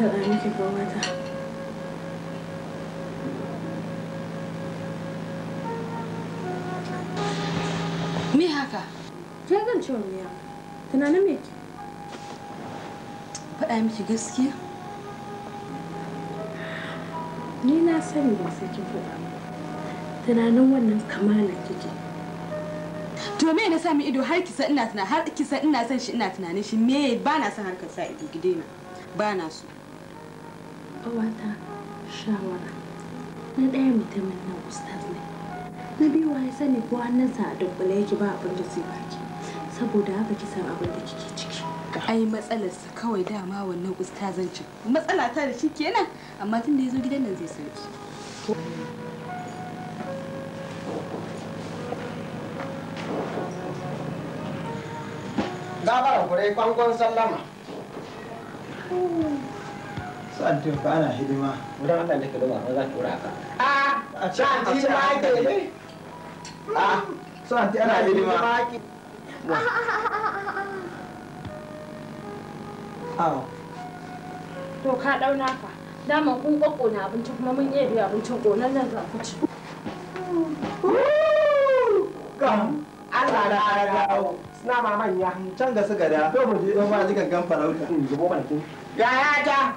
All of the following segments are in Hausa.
faɗa miki ba me haka ke zan ce wa miya tunanin me ki faɗa miki gaskiya ni na sani ba sai kin faɗa tunanin wannan kamala kike to me na sami ido har kisa ina tuna har kisa ina son shi ina tunanin shi me ba na son harkar sa ido gidena ba na so ƙawata shawara na ɗaya mutumin nan ustaz ne na biyu wa ya sani ko hannunsa a dunkule yake ba abin da zai baki saboda haka ki san abin da kike ciki ai sa kawai dama wannan ustazancin matsala ta da shi kenan amma tun da ya zo gidan nan zai sauki Gabar kwangon sallama. sa'ad da ba ana hidima wurin Allah ne ka dama amma za ka wura ka a ci a ci ma ke ne a sa'ad da ana hidima awo to ka dauna fa daman kun kokko na abinci kuma mun iya biya abincin gonan nan za ku ci Allah na dawo suna mamanya can ga su gada to mu je ɗan ba jikan gan farauta yaya ta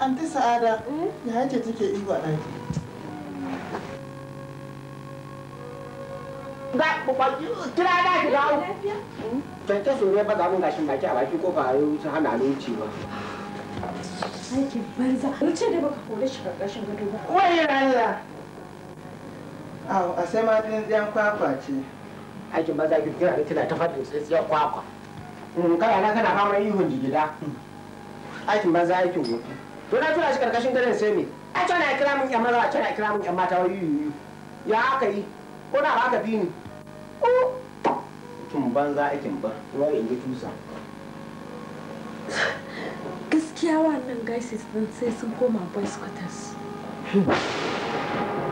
an ta sa'ada hmm? ya yake take ɗaki ga kira da ki ta hmm? ba gashin baki a baki ko ba hana ni aikin banza wuce da baka kore shi karkashin gado ba wai Awo, a sai ma kwakwa ce. Aikin banza ki kira da tana ta faɗin tsintsiyan kwakwa. Hmm, kana kana ihun jigida. Aikin to na tura shi karkashin gadon sai me a tana ya kira min yan maza a tana ya kira min yan mata wai yuyu ya aka yi ko na ba ka bi ni tun banza aikin ba ruwa in ji tusa gaskiya wannan guys din sai sun koma boys quarters